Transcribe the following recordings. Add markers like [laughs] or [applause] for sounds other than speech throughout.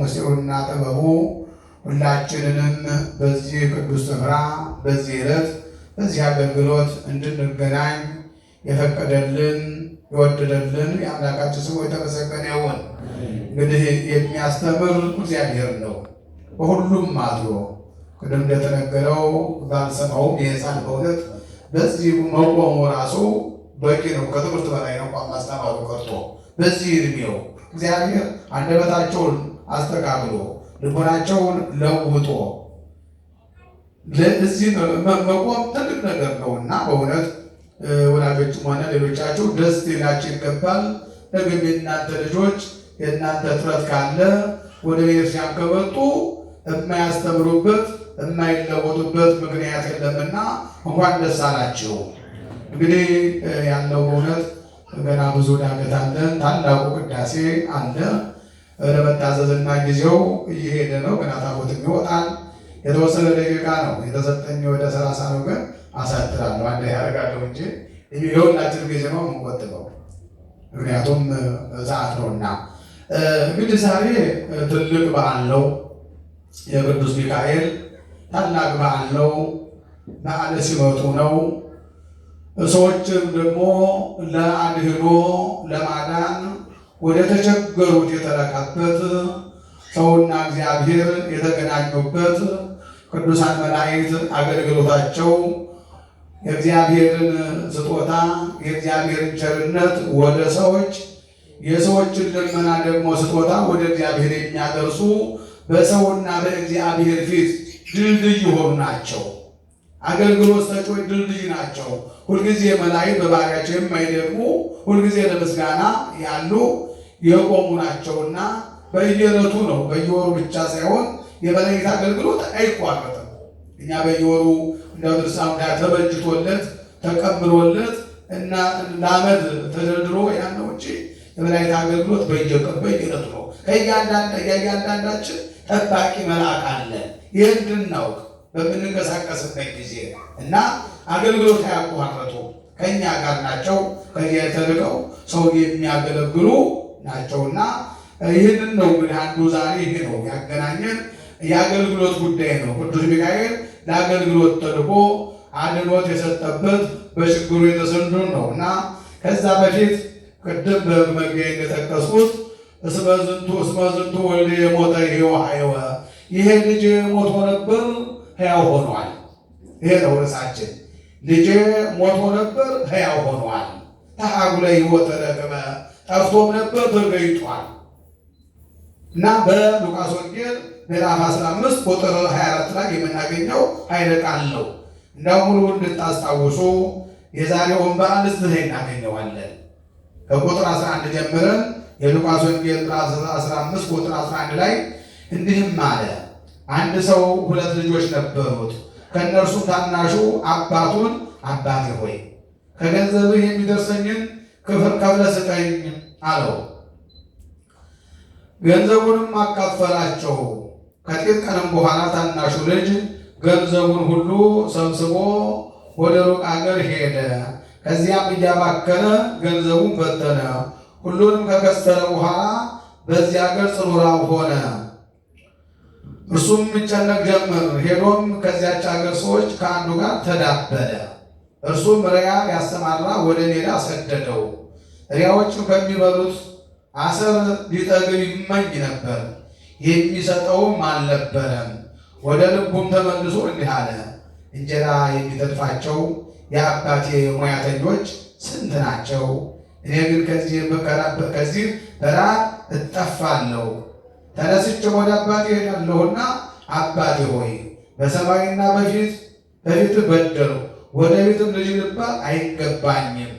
ሙሴውና ጥበቡ ሁላችንንም በዚህ ቅዱስ ስፍራ በዚህ ዕለት በዚህ አገልግሎት እንድንገናኝ የፈቀደልን የወደደልን የአምላካችን ስሙ የተመሰገነ ይሁን። እንግዲህ የሚያስተምር እግዚአብሔር ነው። በሁሉም አድሮ ቅድም እንደተነገረው ባልሰማውም የሕፃን በእውነት በዚህ መቆሙ ራሱ በቂ ነው። ከትምህርት በላይ ነው ማስተማሩ ቀርቶ በዚህ እድሜው እግዚአብሔር አንደበታቸውን አስተካክሎ ልቦናቸውን ለውጦ ለዚህ መቆም ትልቅ ነገር ነው እና በእውነት ወላጆችም ሆነ ሌሎቻችሁ ደስ ሊላችሁ ይገባል። ነገር የእናንተ ልጆች የእናንተ ጥረት ካለ ወደ ቤተክርስቲያን ከመጡ የማያስተምሩበት የማይለወጡበት ምክንያት የለምና እንኳን ደስ አላችሁ። እንግዲህ ያለው በእውነት ገና ብዙ ዳገት አለን። ታላቁ ቅዳሴ አለ። ለመታዘዝና ጊዜው እየሄደ ነው። ገና ታቦትም ይወጣል። የተወሰነ ደቂቃ ነው የተሰጠኝ። ወደ ሰላሳ ነው ግን አሳትራለሁ። አንድ ያደርጋለሁ እንጂ የሁላችን ጊዜ ነው የምቆጥበው፣ ምክንያቱም ሰዓት ነውና። እንግዲህ ዛሬ ትልቅ በዓል ነው፣ የቅዱስ ሚካኤል ታላቅ በዓል ነው። በዓለ ሲመቱ ነው። ሰዎችም ደግሞ ለአድህኖ ለማዳን ወደ ተቸገሩት የተረካበት ሰውና እግዚአብሔር የተገናኙበት ቅዱሳን መላእክት አገልግሎታቸው የእግዚአብሔርን ስጦታ የእግዚአብሔርን ቸርነት ወደ ሰዎች የሰዎችን ልመና ደግሞ ስጦታ ወደ እግዚአብሔር የሚያደርሱ በሰውና በእግዚአብሔር ፊት ድልድይ የሆኑ ናቸው። አገልግሎት ሰጪዎች ድልድይ ናቸው። ሁልጊዜ መላእክት በባህሪያቸው የማይደግሙ ሁልጊዜ ለምስጋና ያሉ የቆሙ ናቸውና በየዕለቱ ነው፣ በየወሩ ብቻ ሳይሆን የመለየት አገልግሎት አይቋረጥም። እኛ በየወሩ እንደ ድርሳም ተበጅቶለት ተቀብሎለት እና ለአመት ተደርድሮ ያለ ውጭ የመላእክት አገልግሎት በየዕለቱ ነው። ከእያንዳንዳችን ጠባቂ መልአክ አለ። ይህ እንድናውቅ በምንንቀሳቀስበት ጊዜ እና አገልግሎት አያቋርጡ ከእኛ ጋር ናቸው። ከዚያ የተልቀው ሰው የሚያገለግሉ ናቸውና ይህንን ነው እንግዲህ አንዱ ዛሬ ይሄ ነው ያገናኘን የአገልግሎት ጉዳይ ነው። ቅዱስ ሚካኤል ለአገልግሎት ተልኮ አድኖት የሰጠበት በችግሩ የተሰንዱን ነው እና ከዛ በፊት ቅድም በመግቢያ እንደጠቀስኩት እስመ ዝንቱ እስመ ወልድ የሞተ ይሄው አይወ ይሄ ልጅ ሞቶ ነበር ሕያው ሆኗል። ይሄ ነው ርሳችን ልጅ ሞቶ ነበር ሕያው ሆኗል። ተሐጉለ ሕይወተ ለቅመ ጠፍቶም ነበር ተገኝቷል እና በሉቃስ ወንጌል ምዕራፍ 15 ቁጥር 24 ላይ የምናገኘው ኃይለ ቃል ነው። እንዳው ሙሉ እንድታስታውሱ የዛሬውን በዓል እዚህ እናገኘዋለን። ከቁጥር 11 ጀምረን የሉቃስ ወንጌል ምዕራፍ 15 ቁጥር 11 ላይ እንዲህም አለ። አንድ ሰው ሁለት ልጆች ነበሩት። ከእነርሱም ታናሹ አባቱን አባቴ ሆይ ከገንዘብህ የሚደርሰኝን ከፍለ ስጠኝ አለው። ገንዘቡንም አካፈላቸው። ከጥቂት ቀንም በኋላ ታናሹ ልጅ ገንዘቡን ሁሉ ሰብስቦ ወደ ሩቅ አገር ሄደ። ከዚያም እያባከነ ገንዘቡን በተነ። ሁሉንም ከከሰረ በኋላ በዚያ አገር ጽኑ ሆነ። እርሱም ይጨነቅ ጀመር። ሄዶም ከዚያች አገር ሰዎች ከአንዱ ጋር ተዳበለ። እርሱም ሪያ ያሰማራ ወደ ሜዳ ሰደደው። ሪያዎችም ከሚበሉት አሰር ሊጠግብ ይመኝ ነበር፣ የሚሰጠውም አልነበረም። ወደ ልቡም ተመልሶ እንዲህ አለ፣ እንጀራ የሚተድፋቸው የአባቴ ሙያተኞች ስንት ናቸው? እኔ ግን ከዚህ በራብ እጠፋለሁ። ተነስቼ ወደ አባቴ ሄዳለሁና አባቴ ሆይ በሰማይና በፊት በፊት በደልሁ ወደፊትም ልጅ ልባል አይገባኝም።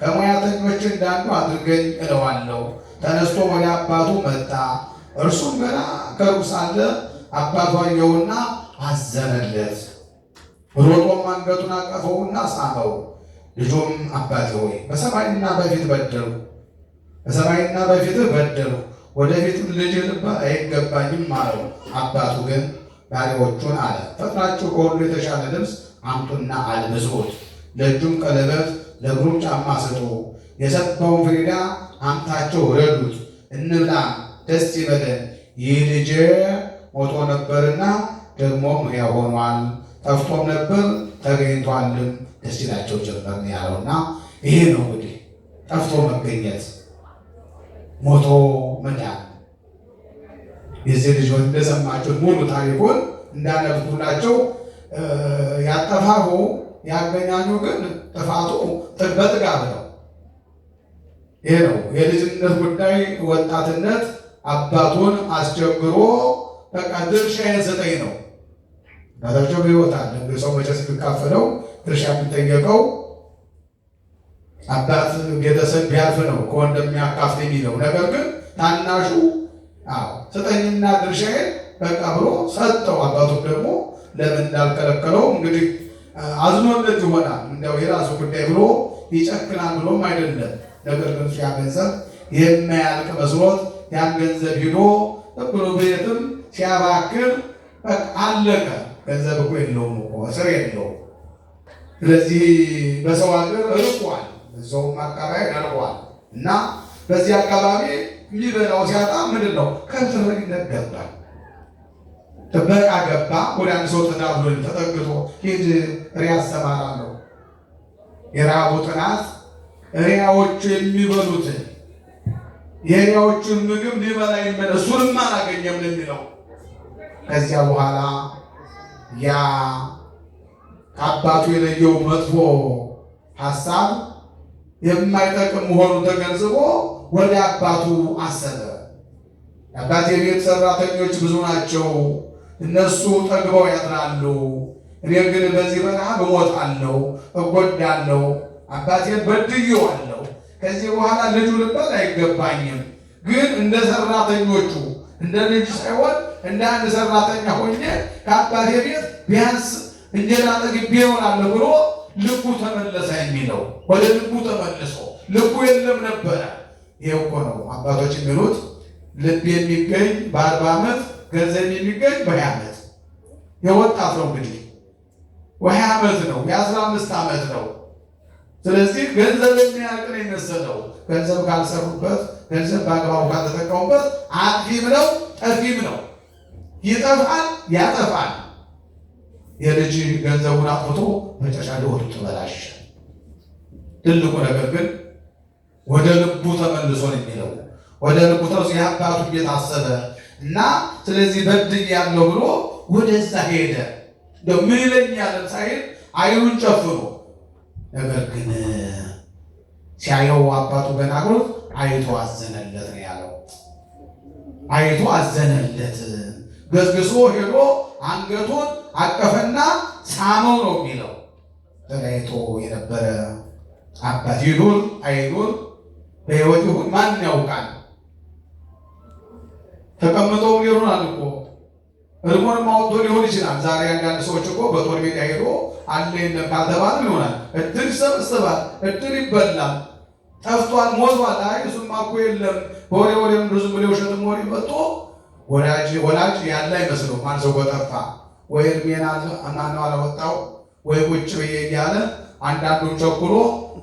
ከሙያተኞች እንዳንዱ አድርገኝ እለዋለሁ። ተነስቶ ወደ አባቱ መጣ። እርሱም ገና ከሩቅ ሳለ አባቷየውና አዘነለት። ሮጦም አንገቱን አቀፈውና ሳመው። ልጁም አባት ሆይ በሰማይና በፊት በደሉ በሰማይና በፊት በደሉ፣ ወደፊትም ልጅ ልባ አይገባኝም አለው። አባቱ ግን ባሪያዎቹን አለ፣ ፈጥናችሁ ከሁሉ የተሻለ ልብስ አምጡና አልብሶት ለእጁም ቀለበት ለእግሩም ጫማ ስጡ። የሰጠውን ፍሪዳ አምታቸው ረዱት፣ እንብላ፣ ደስ ይበለን፣ ይህ ልጄ ሞቶ ነበርና ደግሞም ሕያው ሆኗል፣ ጠፍቶም ነበር ተገኝቷልም፣ ደስ ይላቸው ጀመር ያለውና ይሄ ነው እንግዲህ ጠፍቶ መገኘት ሞቶ መዳን። የዚህ ልጅ እንደሰማችሁት ሙሉ ታሪኩን እንዳነብኩላቸው ያጠፋሁ ያገኛኙ ግን ጥፋቱ በጥጋብ ነው። ይሄ ነው የልጅነት ጉዳይ። ወጣትነት አባቱን አስቸግሮ ተቀድር ሻይን ዘጠኝ ነው ናታቸው በህይወት አለ እንደ ሰው መቼስ የሚካፈለው ድርሻ የሚጠየቀው አባት ቤተሰብ ቢያልፍ ነው እንደሚያካፍት የሚለው ነገር ግን ታናሹ ስጠኝና ድርሻዬን በቃ ብሎ ሰጠው። አባቱም ደግሞ ለምን እንዳልከለከለው እንግዲህ አዝኖለት ይሆናል። እንደው የራሱ ጉዳይ ብሎ ይጨክናል ብሎም አይደለም። ነገር ግን ያ ገንዘብ የማያልቅ መስሎት ያን ገንዘብ ሂዶ ብሎ ቤትም ሲያባክር አለቀ። ገንዘብ እኮ የለውም እኮ እስር ስለዚህ በሰው ሀገር አካባቢ እና በዚህ አካባቢ የሚበላው ሲያጣ ምንድን ነው ጥበቃ ገባ። ወደ አንድ ሰው ጥናት ብሎ ተጠግቶ ሂድ ሪያ ያሰማራለሁ። የረሃቡ ጥናት ሪያዎቹ የሚበሉትን የሪያዎቹን ምግብ ሊበላ ይመለ እሱንም አላገኘም የሚለው ከዚያ በኋላ ያ ከአባቱ የለየው መጥፎ ሀሳብ የማይጠቅም መሆኑን ተገንዝቦ ወደ አባቱ አሰበ። የአባቴ ቤት ሰራተኞች ብዙ ናቸው፣ እነሱ ጠግበው ያድራሉ፣ እኔ ግን በዚህ በረሃብ እሞታለሁ፣ እጎዳለሁ፣ አባቴን በድዬዋለሁ። ከዚህ በኋላ ልጁ ልባል አይገባኝም። ግን እንደ ሰራተኞቹ እንደ ልጅ ሳይሆን እንደ አንድ ሰራተኛ ሆኜ ከአባቴ ቤት ቢያንስ እንጀራ ጠግቤ እሆናለሁ ብሎ ልቡ ተመለሰ የሚለው ወደ ልቡ ተመልሶ ልቡ የለም ነበረ። ይሄ እኮ ነው አባቶች የሚሉት ልብ የሚገኝ በአርባ ዓመት ገንዘብ የሚገኝ በሀያ ዓመት የወጣት ነው እንግዲህ ወሀያ ዓመት ነው የአስራ አምስት ዓመት ነው። ስለዚህ ገንዘብ የሚያቅን የመሰለው። ገንዘብ ካልሰሩበት፣ ገንዘብ በአግባቡ ካልተጠቀሙበት አጥፊም ነው ጠፊም ነው። ይጠፋል፣ ያጠፋል። የልጅ ገንዘቡን አጥፍቶ መጨረሻ ሊወጡ ተበላሸ። ትልቁ ነገር ግን ወደ ልቡ ተመልሶ ነው የሚለው ወደ ልቡ ተመልሶ የአባቱ ቤት አሰበ እና ስለዚህ በድል ያለው ብሎ ወደዛ ሄደ። ምለኛ ይለኛል ሳይል አይኑን ጨፍኖ፣ ነገር ግን ሲያየው አባቱ በናግሮት አይቶ አዘነለት ነው ያለው። አይቶ አዘነለት፣ ገዝግሶ ሄዶ አንገቱን አቀፈና ሳመው ነው የሚለው። ተለይቶ የነበረ አባት ይኑር አይኑር በሕይወት ይሁን ማን ያውቃል። ተቀምጠው ይሆናል እኮ እርሙንም አውጥቶ ሊሆን ይችላል። ዛሬ አንዳንድ ሰዎች እኮ በጦር ሜዳ ሄዶ አለ የለም ካልተባለ ይሆናል። እድር ይሰበስባል፣ እድር ይበላል። ጠፍቷል፣ ሞቷል። አይ እሱማ እኮ የለም በወሬ ወሬም ብዙ ብሎ ውሸትም ወሬ መጥቶ ወላጅ ወላጅ ያለ አይመስለውም። አንድ ሰው ጠፋ ወይ እድሜና ማነው አላወጣው ወይ ቁጭ ብዬ እያለ አንዳንዱም ቸኩሎ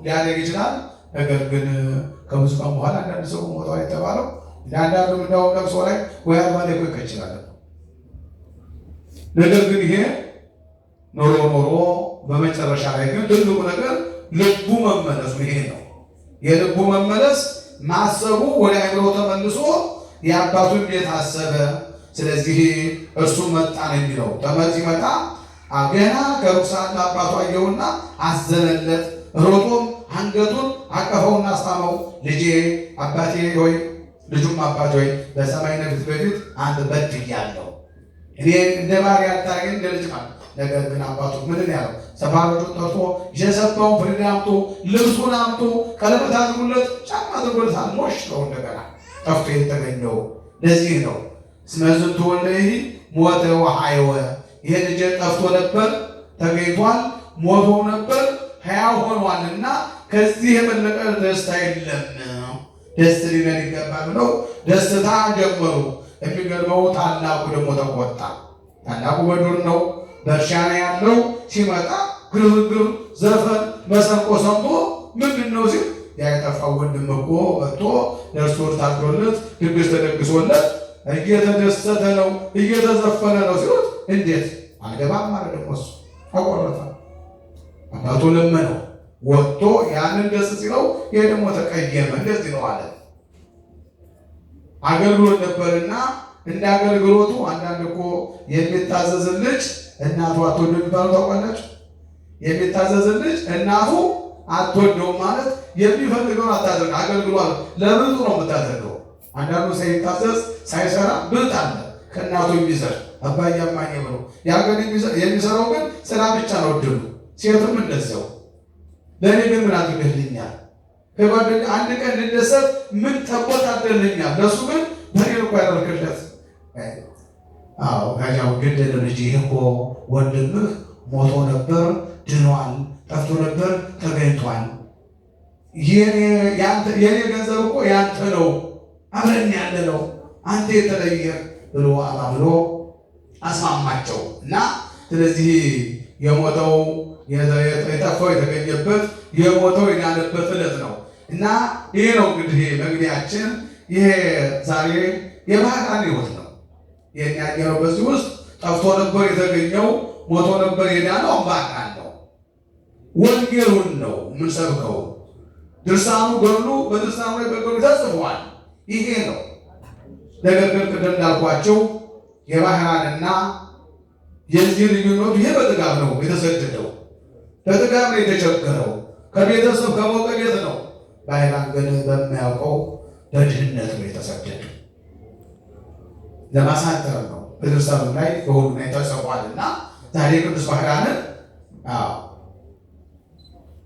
ሊያደግ ይችላል። ነገር ግን ከብዙ ቀን በኋላ አንዳንድ ሰው ሞቷል የተባለው እንዳንዳንዱ እንዳውም ሰው ላይ ወይ አርባ ላይ ቆይቀ ነገር ግን ይሄ ኖሮ ኖሮ በመጨረሻ ላይ ግን ትልቁ ነገር ልቡ መመለሱ ይሄ ነው። የልቡ መመለስ ማሰቡ ወደ አይምሮ ተመልሶ የአባቱ ቤት አሰበ። ስለዚህ እርሱ መጣ ነው የሚለው ተመዚ መጣ አገና ከሩሳን ለአባቱ አየውና አዘነለት። ሮጦም አንገቱን አቀፈውና አስታመው። ልጄ አባቴ ሆይ ልጁም አባት ወይ በሰማይ ነፊት በፊት አንድ አንተ ያለው እኔ እንደ ባሪያ አታርገኝ እንደ ልጅ ማለት ነገር ግን አባቱ ምንድን ያለው ሰፋሮቹን ጠርቶ የሰባውን ፍርድ አምጡ፣ ልብሱን አምጡ፣ ቀለበት አድርጉለት፣ ጫማ አድርጉለት አለ። ነው እንደገና ጠፍቶ የተገኘው ለዚህ ነው። ስመዝንቱ ወልደ ሞተ ወሐይወ ይሄ ልጅ ጠፍቶ ነበር ተገኝቷል፣ ሞቶ ነበር ሕያው ሆኗልና ከዚህ የመለቀ ደስታ የለም። ደስ ሊለን ይገባል ብለው ደስታ ጀመሩ። የሚገርመው ታላቁ ደግሞ ተቆጣ። ታላቁ በዱር ነው በእርሻ ላይ ያለው ሲመጣ ግርግር፣ ዘፈን፣ መሰንቆ ሰምቶ ምንድን ነው ሲል ያጠፋው ወንድም እኮ መጥቶ ለእርሱ ታድሮለት ድግስ ተደግሶለት እየተደሰተ ነው እየተዘፈነ ነው ሲሉት እንዴት አልገባም ማለት ደግሞ እሱ ተቆረጠ። አባቱ ለመነው ወጥቶ ያንን ደስ ሲለው ይሄ ደግሞ ተቀየመ። እንደዚህ ነው አለ። አገልግሎት ነበርና እንደ አገልግሎቱ አንዳንድ እኮ የሚታዘዝን ልጅ እናቱ አትወደው የሚባለው ታውቃለች። የሚታዘዝን ልጅ እናቱ አትወደው ማለት የሚፈልገውን አታደርግ አገልግሏል። ለብዙ ነው የምታደርገው። አንዳንዱ ሳይታዘዝ ሳይሰራ ብልጥ አለ። ከእናቱ የሚሰር አባያማኝ ብሎ ያ የሚሰራው ግን ስራ ብቻ ነው ድሉ ሴቱም እንደዚያው ለእኔ ግን ምን አድርገህልኛል? ከጓደኛ አንድ ቀን ልደሰት ምን ተቆጣጠርልኛል? ለእሱ ግን በሌ እኮ ያደርግለት አዎ ጋጃው ገደለ። ልጅ ይህ እኮ ወንድምህ ሞቶ ነበር ድኗል፣ ጠፍቶ ነበር ተገኝቷል። የኔ ገንዘብ እኮ ያንተ ነው፣ አብረን ያለ ነው፣ አንተ የተለየ ብሎ አባብሎ አስማማቸው እና ስለዚህ የሞተው የጠፋው የተገኘበት የሞተው የዳነበት ዕለት ነው እና ይሄ ነው እንግዲህ መግቢያችን። ይሄ ዛሬ የባህራን ህይወት ነው የሚያገረው። በዚህ ውስጥ ጠፍቶ ነበር የተገኘው፣ ሞቶ ነበር የዳነው። ባህራን ነው። ወንጌሉን ነው የምንሰብከው። ድርሳኑ ገሉ በድርሳኑ ላይ በገሉ ተጽፏል። ይሄ ነው። ነገር ግን ቅድም እንዳልኳቸው የባህራንና የዚህ ልዩነቱ ይሄ በጥጋብ ነው የተሰደደው፣ በጥጋብ ነው የተቸገረው። ከቤተሰብ ከሞቀ ቤት ነው። ባይላን ግን በሚያውቀው በድህነት ነው የተሰደደ። ለማሳጠር ነው በድርሰቱ ላይ በሁሉ ላይ ተጽፏል እና ዛሬ ቅዱስ ባህራንን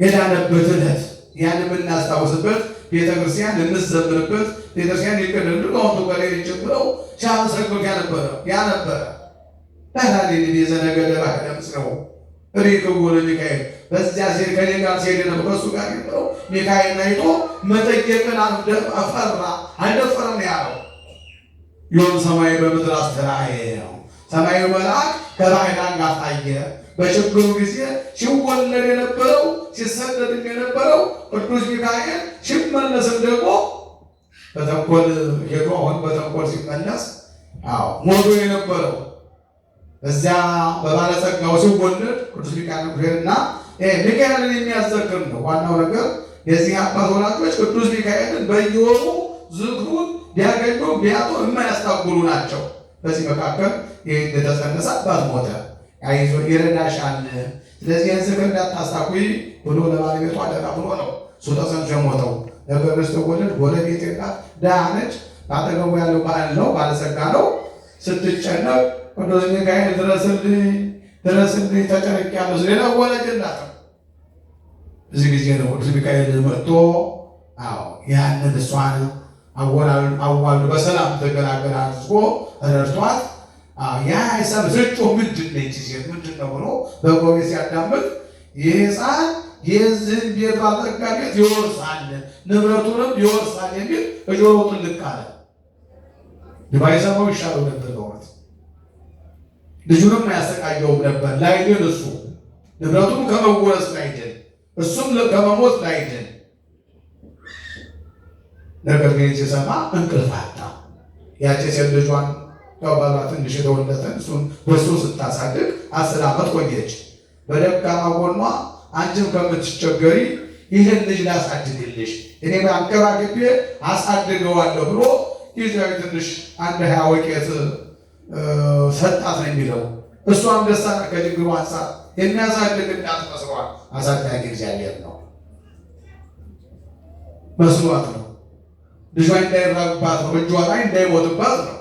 የዳነበት ዕለት ያን የምናስታውስበት ቤተክርስቲያን የምንዘምርበት ቤተክርስቲያን የቀደሉ ከሁንቱ በላይ ጭምረው ሲያመሰግኑት ያነበረ ያነበረ ዳናሌ የዘነገደ ባቅደም ስረው ሪክቡ ለሚካኤል በዚያ ሴር ከኔ ጋር ሲሄድ ነው ከሱ ጋር ይጥረው ሚካኤል አይቶ መጠየቅን አፈራ አልደፈረም ያለው ይሁን ሰማይ በምድር አስተራየው ሰማዩ መልአክ ከባህዳን ጋር ታየ። በችግሩ ጊዜ ሲወለድ የነበረው ሲሰደድም የነበረው ቅዱስ ሚካኤል ሲመለስም ደግሞ በተንኮል ሄዶ አሁን በተንኮል ሲመለስ ሞቶ የነበረው በዚያ በባለጸጋው ሲወለድ ቅዱስ ሚካኤል እግዚአብሔርና ሚካኤልን የሚያዘክር ነው። ዋናው ነገር የዚህ አባት ወላጆች ቅዱስ ሚካኤልን በየወሩ ዝክሩን ሊያገኙ ቢያጡ የማያስታጉሉ ናቸው። በዚህ መካከል ይህ እንደተጸነሰ አባት ሞተ፣ አይዞ ይረዳሻል፣ ስለዚህ ይህን ዝክር እንዳታስታጉይ ብሎ ለባለቤቱ አደራ ብሎ ነው እሱ ተጸንሶ የሞተው። ነገር ስትወለድ ጎረቤት የላት ድሃ ነች። በአጠገቡ ያለው ባል ነው፣ ባለጸጋ ነው። ስትጨነቅ ቅዱስ ሚካኤል ድረስልኝ ድረስልኝ ተጨነቅ ሌላ ወላጅ እዚህ ጊዜ ነው ቅዱስ ሚካኤል መጥቶ ያንን እሷን አዋሉ በሰላም ተገላገላ አድርጎ ረድቷት ያ ስጮ ምንድን ነች ሴት ምንድን ነው ብሎ በጎቤ ሲያዳምጥ ይህ ሕፃን ቤት ቤት ይወርሳል፣ ንብረቱንም ይወርሳል የሚል እጆሮ ጥልቅ አለ። ባይሰማው ይሻለው ነበር ልጁንም ያሰቃየው ነበር። ላይድን እሱ ንብረቱም ከመወረስ ላይድን እሱም ከመሞት ላይድን። ነገር ግን ሲሰማ እንቅልፍ አጣ። ያቺ ሴት ልጇን ከባሏ ትንሽ የተወለደን እሱን በሱ ስታሳድግ አስር ዓመት ቆየች። በደካማ ጎኗ አንቺም ከምትቸገሪ ይህን ልጅ ላሳድግልሽ እኔ አንከባክቤ አሳድገዋለሁ ብሎ ይዛዊ ትንሽ አንድ ሀያ ወቄት ሰጣት ነው የሚለው። እሷም ደስታ ከችግሩ አንጻር የሚያሳድግ እናት መስሏት አሳዳጊ እግዚአብሔር ነው መስሏት ነው ልጇ እንዳይራባት ነው እጇ ላይ እንዳይሞትባት ነው።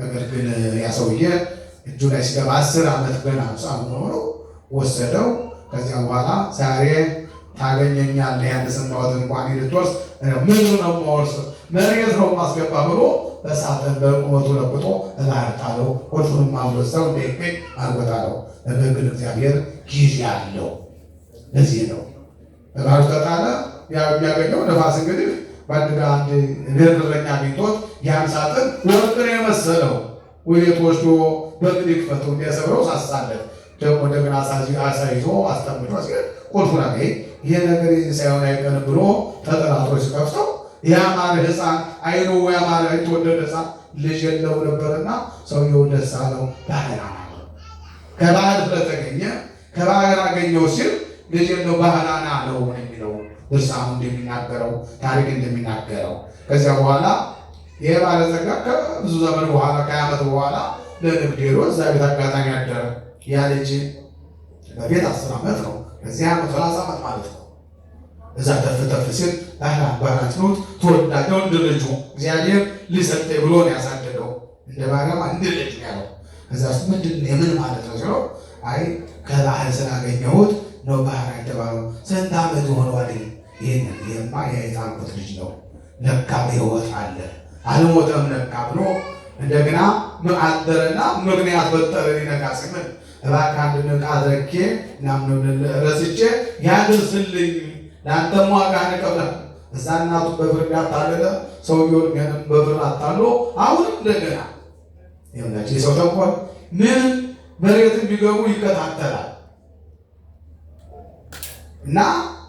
ነገር ግን ያ ሰውዬ እጁ ላይ ሲገባ አስር ዓመት ገና ሕፃን ሆኖ ወሰደው። ከዚያ በኋላ ዛሬ ታገኘኛለህ ያንስናወት እንኳን ልትወርስ ምኑ ነው ማወርስ መሬት ነው ማስገባ ብሎ በሳጥን በቁመቱ ለቁጦ እባህር ጣለው። ቁልፉንም አስወሰው ቤቤ አንጎታ ነገር ግን እግዚአብሔር ጊዜ አለው። ለዚህ ነው እባህር ተጣለ። የሚያገኘው ነፋስ እንግዲህ በአንድ በአንድ እረኛ አግኝቶት ያን ሳጥን ወርቅን የመሰለው ወዴት ወስዶ በምን ይክፈተው እንዲያሰብረው ሳሳለት ደግሞ እንደገና አሳይዞ አስቀምጦ ሲሄድ ቁልፉን ይሄ ነገር ሳይሆን አይቀርም ብሎ ተጠራጥሮ ሲከፍተው ያማረ ሕፃን አይኑ ያማረ የተወደደ ሕፃን ልጅ የለው ነበርና ሰውየው ደስ አለው። ባህል አናመ ከባህል ስለተገኘ ከባህል አገኘው ሲል ልጅ የለው ባህል አናለው የሚለው ድርሳሙ እንደሚናገረው ታሪክ እንደሚናገረው ከዚያ በኋላ ይሄ ባለጸጋ ከብዙ ዘመን በኋላ ከዓመት በኋላ ለንግድ ሄዶ እዛ ቤት አጋጣሚ ያደረ ያ ልጅ በቤት አስር ዓመት ነው። ከዚህ ዓመት ሰላሳ ዓመት ማለት ነው። እዛ ተፍ ተፍ ሲል ባለ አባት ሩት ተወዳጀው እንደ ልጁ እግዚአብሔር ሊሰጠኝ ብሎ ነው ያሳደገው። እንደ ባሪያም እንደ ልጅ ያለው እዛ ውስጥ ምንድን የምን ማለት ነው ሲለው አይ ከባህር ስላገኘሁት ነው ባህር የተባለው። ስንት ዓመት ሆነዋል? ይህን ይህማ የታልኩት ልጅ ነው ለካ ሕይወት አለ አልሞተም ለካ ብሎ እንደገና አደረና ምክንያት ፈጠረ። ሊነጋ ሲምን እባክህ አንድ ንቃ አድርጌ ናምን ረስቼ ያድርስልኝ ለአንተማ ጋር ንቀብላል እዛ እናቱ በብር አታለለ፣ ሰውየውን ገንም በብር አታሎ አሁንም እንደገና ይኸውላችሁ የሰው ተንኮል ምን መሬት እንዲገቡ ይከታተላል እና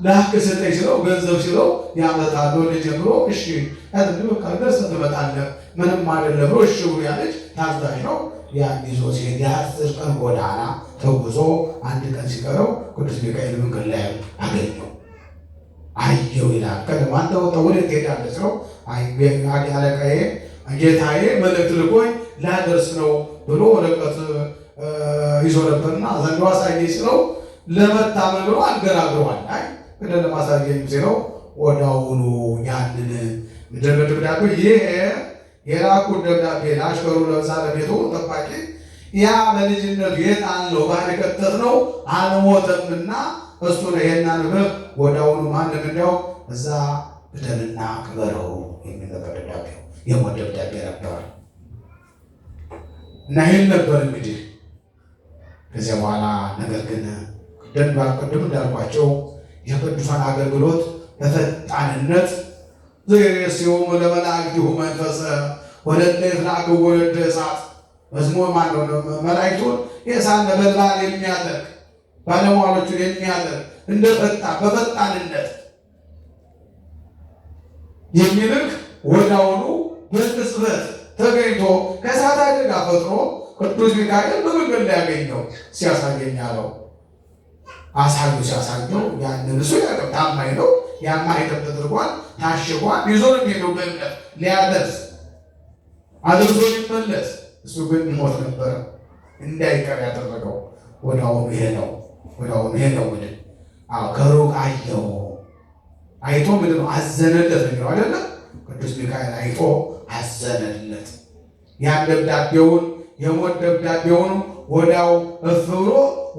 ለህግ ስጠኝ ሲለው ገንዘብ ሲለው ያመጣል። ጀምሮ እሺ ያድርግ በቃ ምንም አይደለም ብሎ እሺ ያለች ታዛዥ ነው። ያን ሲሄድ የአስር ቀን ጎዳና ተጉዞ አንድ ቀን ሲቀረው ቅዱስ ሚካኤል መንገድ ላይ አገኘው። አየው ይላል። ከደማ እንደወጣ ወደ ትሄዳለች ነው አለቃዬ ጌታዬ መልእክት ልኮኝ ላደርስ ነው ብሎ ወረቀት ይዞ ነበርና ዘንዶ አሳየኝ ሲለው ለመታመን ብሎ አንገራግሯል። አይ እንደ ለማሳየኝ ሲለው ወዳውኑ ያንን ምድር ደብዳቤ ይህ የላኩ ደብዳቤ ለአሽከሩ ለብሳ ለቤቱ ጠባቂ ያ በልጅነቱ የት የጣለው ባህል ከተት ነው አልሞተምና እሱን ይሄን አንብብ ወዲያውኑ ማንም እንደው እዛ ግደልና ቅበረው የሚል ነበር ደብዳቤው። የሞት ደብዳቤ ነበር እና ይህን ነበር እንግዲህ ከዚያ በኋላ ነገር ግን ቅድም እንዳልኳቸው የቅዱሳን አገልግሎት በፈጣንነት ዘይሬስዮም ለመላእክቲሁ መንፈሰ ወለነ የተናገው ወለደ እሳት መዝሙር ማለ መላእክቱን የእሳት ነበልባል የሚያደርግ ባለሟሎቹን የሚያደርግ እንደ ፈጣ በፈጣንነት የሚልክ ወዳውኑ በቅጽበት ተገኝቶ ከእሳት አደጋ ፈጥሮ ቅዱስ ሚካኤል በመንገድ ላይ ያገኘው ሲያሳየኝ አለው። አሳዩ ሲያሳየው ያንን እሱ ያቀም ታማኝ ነው። ያማ ሄደም ተደርጓል፣ ታሽጓል። ይዞንም የሚሄደው ገነት ሊያደርስ አድርሶ ሊመለስ እሱ ግን ሞት ነበረ እንዳይቀር ያደረገው ወዳውኑ ይሄ ነው። ወዲያውኑ ነው አዎ ከሩቅ አየው። አይቶ ምንድን ነው አዘነለት ነው አይደለ? ቅዱስ ሚካኤል አይቶ አዘነለት። ያን ደብዳቤውን የሞት ደብዳቤውን ወዲያው እፍ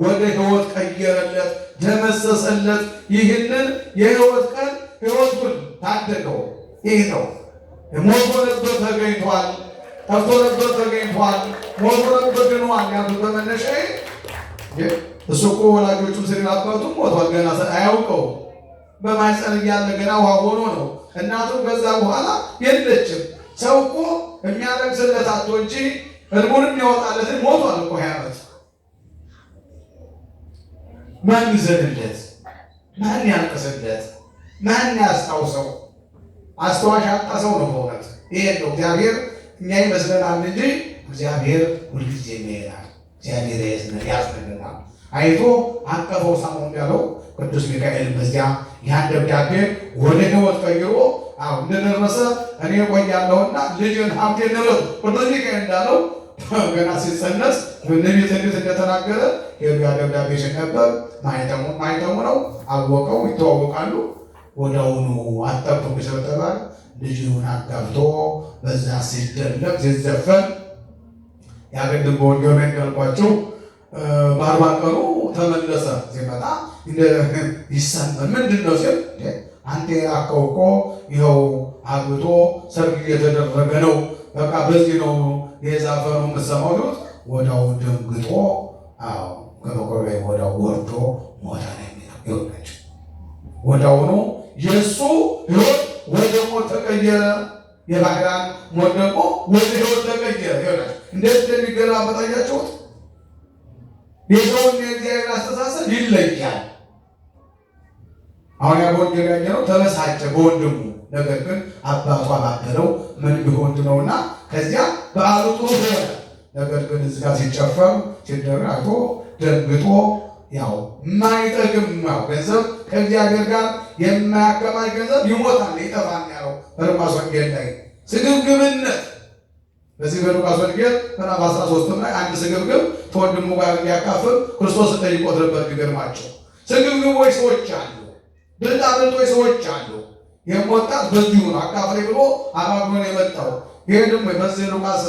ወደ ሕይወት ቀየረለት፣ ደመሰሰለት። ይህንን የሕይወት ቀን ሕይወቱን ታደገው። ይህ ነው ሞቶ ነበር ተገኝቷል፣ ጠፍቶ ነበር ተገኝቷል፣ ሞቶ ነበር ድኗል። ያቱ በመነሻዬ እሱ እኮ ወላጆቹም ስሪል አባቱም ሞቷል። ገና አያውቀው በማይጸር እያለ ገና ውሃ ሆኖ ነው። እናቱም ከዛ በኋላ የለችም። ሰው እኮ የሚያለቅስለት አቶ እንጂ እልሙንም ያወጣለትን ሞቷል እኮ ሀያ ዓመት ማን ይዘንለት? ማን ያልቅስለት? ማን ያስታውሰው? አስተዋሽ ያጣ ሰው ነው በእውነት። ይሄ ነው እግዚአብሔር። እኛ ይመስለናል እንጂ እግዚአብሔር ሁልጊዜ ይሄዳል። እግዚአብሔር ያዝነናል። አይቶ አቀፈው ሳሙን ያለው ቅዱስ ሚካኤል በዚያ ያን ደብዳቤ ወደ ህይወት ቀይሮ እንደደረሰ እኔ ቆያለሁና ልጅን ሀብቴ ንብረት ቅዱስ ሚካኤል እንዳለው [laughs] ገና ሲጸነስ ነቢት እንዴት እንደተናገረ የሉያ ደብዳቤ ሲነበብ ማይተሙ ማይተሙ ነው አወቀው፣ ይተዋወቃሉ። ወደውኑ አጠብቁ ስለተባለ ልጅን አጋብቶ በዛ ሲደለቅ ሲዘፈን ያገድቦ ሊሆነ እንዳልኳቸው ባርባቀሩ ተመለሰ። ሲመጣ ይሰመን ምንድን ነው ሲል [laughs] አንተ የላከው እኮ ይኸው አግብቶ ሰርግ እየተደረገ ነው፣ በቃ በዚህ ነው የዛፈኑ የምትሰማው ሲሉት ወዲያው ደንግጦ ከመቆሪያ ወዳው ወርዶ ሞተ ነው የሚለው ይሆናቸው ወዲያውኑ የእሱ ህይወት ወደ ሞት ተቀየረ። የባህራን ሞት ደግሞ ወደ ህይወት ተቀየረ። ይሆናቸው እንደዚህ እንደሚገላ በታያቸውት የሰውን የእግዚአብሔር አስተሳሰብ ይለያል። አሁን ያ በወንጀል ያየነው ተበሳጨ በወንድሙ ነገር ግን አባቱ አባደረው ምን ቢሆን ነውና ከዚያ በዓሉ ጥሩ ሆነ። ነገር ግን እዚህ ጋር ሲጨፈር ሲደረግ ደንግጦ ያው የማይጠቅም ነው ገንዘብ ከእግዚአብሔር ጋር የማያገማኝ ገንዘብ ይሞታል፣ ይጠፋል ያለው በሉቃስ ወንጌል ላይ ስግብግብነት በዚህ በሉቃስ ወንጌል ምዕራፍ 13 ላይ አንድ ስግብግብ ከወንድሙ ጋር ያካፍል ክርስቶስ ጠይቆት ነበር። ቢገርማቸው ስግብግቦች ሰዎች አሉ፣ ብልጣብልጦች ሰዎች አሉ። ይህም ወጣት በዚሁ ነው አካፍሬ ብሎ አባግሎን የመጣው። ይህ ደግሞ በዚህ ሉቃስ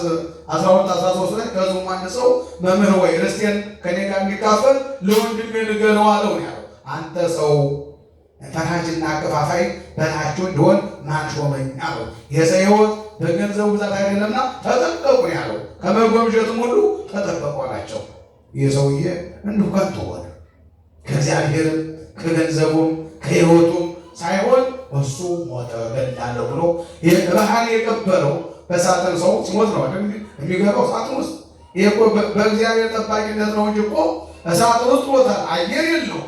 12 13 ላይ ከህዝቡ አንድ ሰው መምህር ወይ ርስቴን ከኔ ጋር እንዲካፈል ለወንድሜ ንገረው አለው ያለው አንተ ሰው ፈራጅና አከፋፋይ በላችሁ እንዲሆን ማን ሾመኝ አለው። የሰው ሕይወት በገንዘቡ ብዛት አይደለምና ተጠበቁ ነው ያለው። ከመጎምጀትም ሁሉ ተጠበቁ አላቸው። ይህ እንዲሁ ከንቱ ሆነ። ከእግዚአብሔርም ከገንዘቡም ከሕይወቱም ሳይሆን እሱ ሞተ ገድላለሁ ብሎ ረሃን የቀበለው በሳጥን ሰው ሲሞት ነው የሚገባው ሳጥን ውስጥ። ይህ በእግዚአብሔር ጠባቂነት ነው እንጂ እኮ ሳጥን ውስጥ ሞተ አየር የለው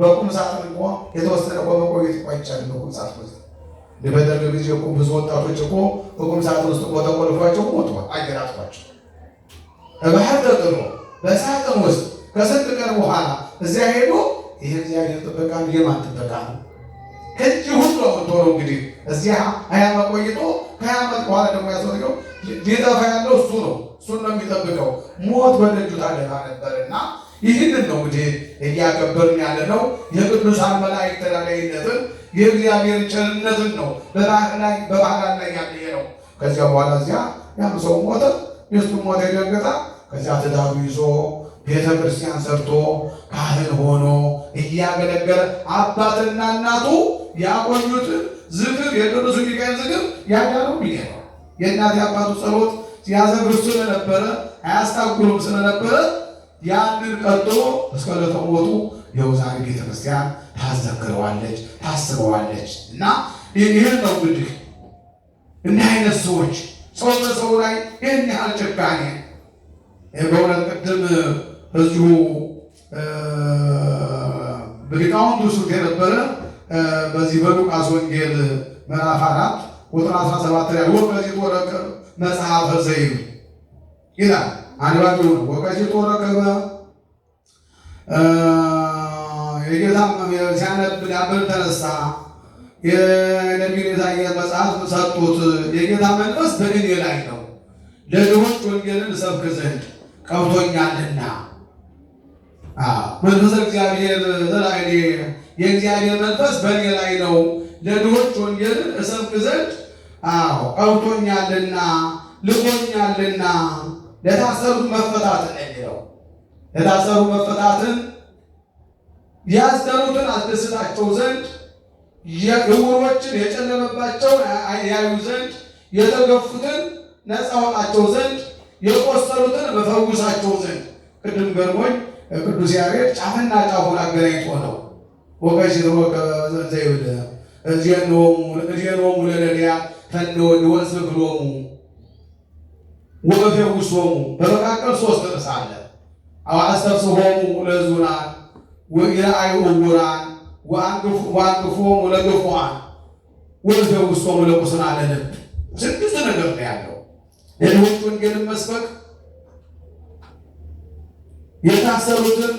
በቁም ሳጥን እኮ የተወሰነ በመቆየት ይቋጫል። በቁም ሳጥን ውስጥ በደርግ ጊዜ እኮ ብዙ ወጣቶች እኮ በቁም ሳጥን ውስጥ እኮ ተቆልፏቸው ሞተዋል። አገር በባህር ተጥሎ በሳጥን ውስጥ ከስንት ቀን በኋላ እዚያ ሄዶ ይህ እግዚአብሔር ጥበቃ ነው። የማን ጥበቃ ነው? ከዚህ ሁሉ አውጥቶ ነው እንግዲህ እዚያ ሀያ ዓመት ቆይቶ ከሀያ ዓመት በኋላ ደግሞ ያስፈልገው ሊጠፋ ያለው እሱ ነው። እሱን ነው የሚጠብቀው። ሞት በደጁ ታገባ ነበርና ይህንን ነው እንግዲህ እያከበርን ያለ ነው። የቅዱሳን መላእክት ተራዳይነትን የእግዚአብሔር ቸርነትን ነው በባህር ላይ ላይ ያለየ ነው። ከዚያ በኋላ እዚያ ያም ሰው ሞተ፣ ሚስቱም ሞተ ደንግጣ። ከዚያ ትዳሩ ይዞ ቤተ ክርስቲያን ሰርቶ ካህን ሆኖ እያገለገለ አባትና እናቱ ያቆዩትን ዝክር የቅዱስ ሚካኤል ዝክር ያዳነው ሚጌ ነው። የእናት አባቱ ጸሎት ሲያዘብር ስለነበረ አያስታጉሩም ስለነበረ ያንን ቀጥሎ እስከ ለተሞቱ የውዛሪ ቤተክርስቲያን ታዘክረዋለች፣ ታስበዋለች እና ይህን ነው እንግዲህ እንዲህ አይነት ሰዎች ሰው በሰው ላይ ይህን ያህል ጭካኔ በእውነት ቅድም እዚሁ ሊቃውንቱ ሱት የነበረ በዚህ በሉቃስ ወንጌል ምዕራፍ አራት ቁጥር 17 ላይ ወከዚት ወረቀ መጽሐፈ ዘይኑ ይላል አንባቢው ነው። ወቀሲቶ ረከበ የጌታ ሲያነብ ሊያንብብ ተነሳ። የነቢዩ ኢሳይያስ መጽሐፍ ሰጡት። የጌታ መንፈስ በእኔ ላይ ነው ለድሆች ወንጌልን እሰብክ ዘንድ ቀብቶኛልና። መንፈስ እግዚአብሔር ዘላይ የእግዚአብሔር መንፈስ በእኔ ላይ ነው ለድሆች ወንጌልን እሰብክ ዘንድ ቀብቶኛልና ልኮኛልና ለታሰሩት መፈታትን ነው የሚለው። ለታሰሩ መፈታትን ያዘኑትን አስደስታቸው ዘንድ የእውሮችን የጨለመባቸው ያዩ ዘንድ የተገፉትን ነፃ ሆናቸው ዘንድ የቆሰሉትን በፈውሳቸው ዘንድ ቅድም ገርሞኝ ቅዱስ ያሬድ ጫፍና ጫፉን አገናኝቶ ነው ወቀሲሮ ዘይብል እዜኖሙ ለለያ ፈነወ ብሎሙ ወበፌውሶሙ በመካከል ሶስት ርዕስ አለ። አስተብስሆሙ ለዙናን ወኢራአዩ ዕውራን ወአንቅፎሙ ለግፉዓን ወበፌውሶሙ ለሙስናነ ልብ። ስድስት ነገር ነው ያለው። የድሆች ወንጌልን መስበክ፣ የታሰሩትን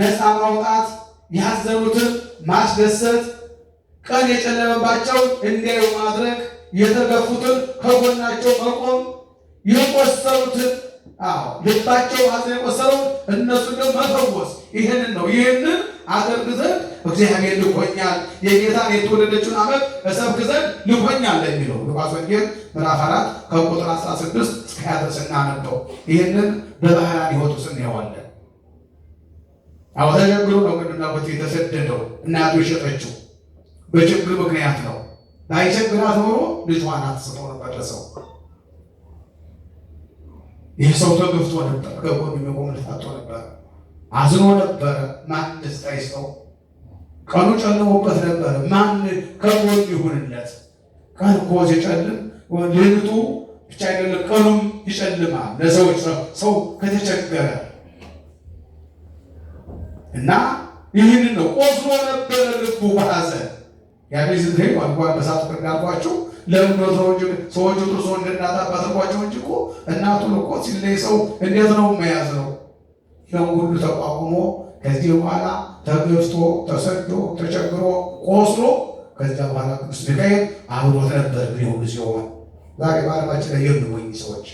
ነፃ ማውጣት፣ ያዘኑትን ማስደሰት፣ ቀን የጨለመባቸው እንዲያዩ ማድረግ፣ የተገፉትን ከጎናቸው መቆም የቆሰሉትን ልባቸው ሐዘን የቆሰለው እነሱ ግን መፈወስ ይህንን ነው። ይህንን አደርግ ዘንድ እግዚአብሔር ልኮኛል፣ የጌታ የተወለደችውን ዓመት እሰብክ ዘንድ ልኮኛል የሚለው ሉቃስ ወንጌል ምዕራፍ አራት ከቁጥር 16 እስከ ሀያ ድረስ እናነበው። ይህንን በባህራን ሕይወቱ ስናየዋለን። አዎ ተቸግሮ ነው ቅድናበት የተሰደደው እናቱ የሸጠችው በችግር ምክንያት ነው። ላይቸግራት ኖሮ ልጇን አትስጠው ነበር ለሰው ይህ ሰው ተገፍቶ ነበር። በጎን የሚቆም ልፋቶ ነበር። አዝኖ ነበረ። ማን ደስታ ይስጠው? ቀኑ ጨልሞበት ነበር። ማን ከጎን ይሁንለት? ቀን እኮ ሲጨልም ሌሊቱ ብቻ አይደለም፣ ቀኑም ይጨልማል። ለሰዎች ሰው ከተቸገረ እና ይህንን ነው ቆስሎ ነበረ ልቡ በሐዘን ያኔ ዝንተይ ቋንቋ በሳት እንዳልኳችሁ ለምዶ ሰዎች ጥሩ ሰው እንደናት አባተቋቸው እንጂ እኮ እናቱን እኮ ሲለይ ሰው እንዴት ነው መያዝ ነው። ይህም ሁሉ ተቋቁሞ ከዚህ በኋላ ተገፍቶ ተሰዶ ተቸግሮ ቆስሎ ከዚያ በኋላ ቅዱስ ሚካኤል አብሮት ነበር። ግን ሲሆን ዛሬ በዓለማችን ላይ የሉም ወይ ሰዎች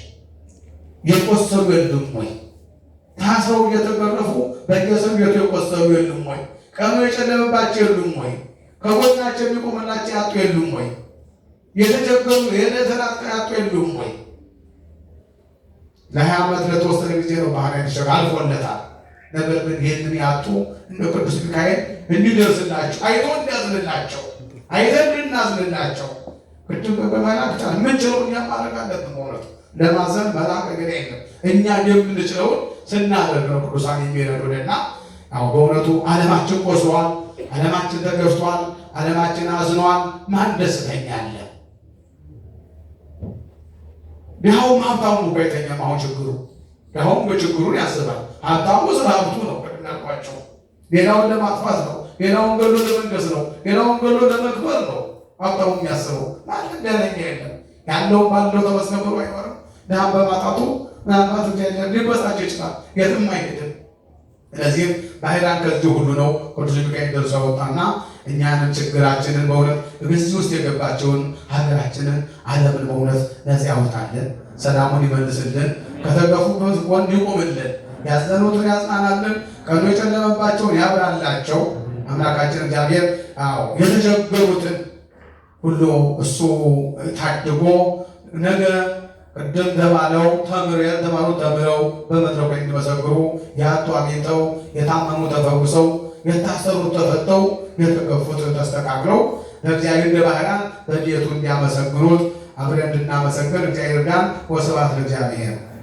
የቆሰሉ የሉም ወይ ታስረው እየተገረፉ በየእስር ቤቱ የቆሰሉ የሉም ወይ ቀኑ የጨለመባቸው የሉም ወይ ከጎናቸው የሚቆምላቸው ያጡ የሉም ወይ? የተቸገሩ የተራቀ ያጡ የሉም ወይ? ለሀያ ዓመት ለተወሰነ ጊዜ ነው ባህርያን ሸግ አልፎለታል። ነገር ግን ይህንን ያጡ እንደ ቅዱስ ሚካኤል እንዲደርስላቸው አይቶ እንዲያዝንላቸው አይተን እንድናዝንላቸው ቅድም በመላክታል ምን ችለው እኛ ማድረግ አለብን። በእውነቱ ለማዘን መላክ ነገር የለም። እኛ የምንችለውን ስናደርግ ነው ቅዱሳን የሚረዱንና። አዎ በእውነቱ ዓለማችን ቆስሏል። ዓለማችን ተገዝቷል። ዓለማችን አዝኗል። ማን ደስተኛ አለ? ያውም ሀብታሙ እኮ የተኛም አሁን ችግሩ ያውም በችግሩን ያስባል። ሀብታሙ ስለ ሀብቱ ነው እንዳልኳቸው፣ ሌላውን ለማጥፋት ነው፣ ሌላውን ገሎ ለመንገስ ነው፣ ሌላውን ገሎ ለመክበር ነው ሀብታሙ የሚያስበው። ማለት ደረኛ የለም ያለውን ባለው ተመስገበሩ አይኖርም። ድሃም በማጣቱ ምናልባት ሊበሳጭ ይችላል። የትም አይሄድም። ስለዚህ ባህላን ከዚህ ሁሉ ነው ቅዱስ ሚካኤል ደርሶ ወጣና እኛንም ችግራችንን በእውነት በዚህ ውስጥ የገባቸውን ሀገራችንን ዓለምን በእውነት ነፃ ያውጣልን፣ ሰላሙን ይመልስልን፣ ከተገፉበት ወንድ ይቆምልን፣ ያዘኑትን ያጽናናልን፣ ቀኑ የጨለመባቸውን ያብራላቸው። አምላካችን እግዚአብሔር የተቸገሩትን ሁሉ እሱ ታድጎ ነገ ቅድም ተባለው ተምር ያልተማሩ ተምረው በመድረኩ እንዲመሰክሩ ያጡ አግኝተው የታመሙ ተፈውሰው የታሰሩት ተፈተው የተገፉት ተስተካክለው ለእግዚአብሔር ለባህራን በቤቱ እንዲያመሰግኑት አብረን እንድናመሰግን እግዚአብሔር ጋር ወስብሐት ለእግዚአብሔር።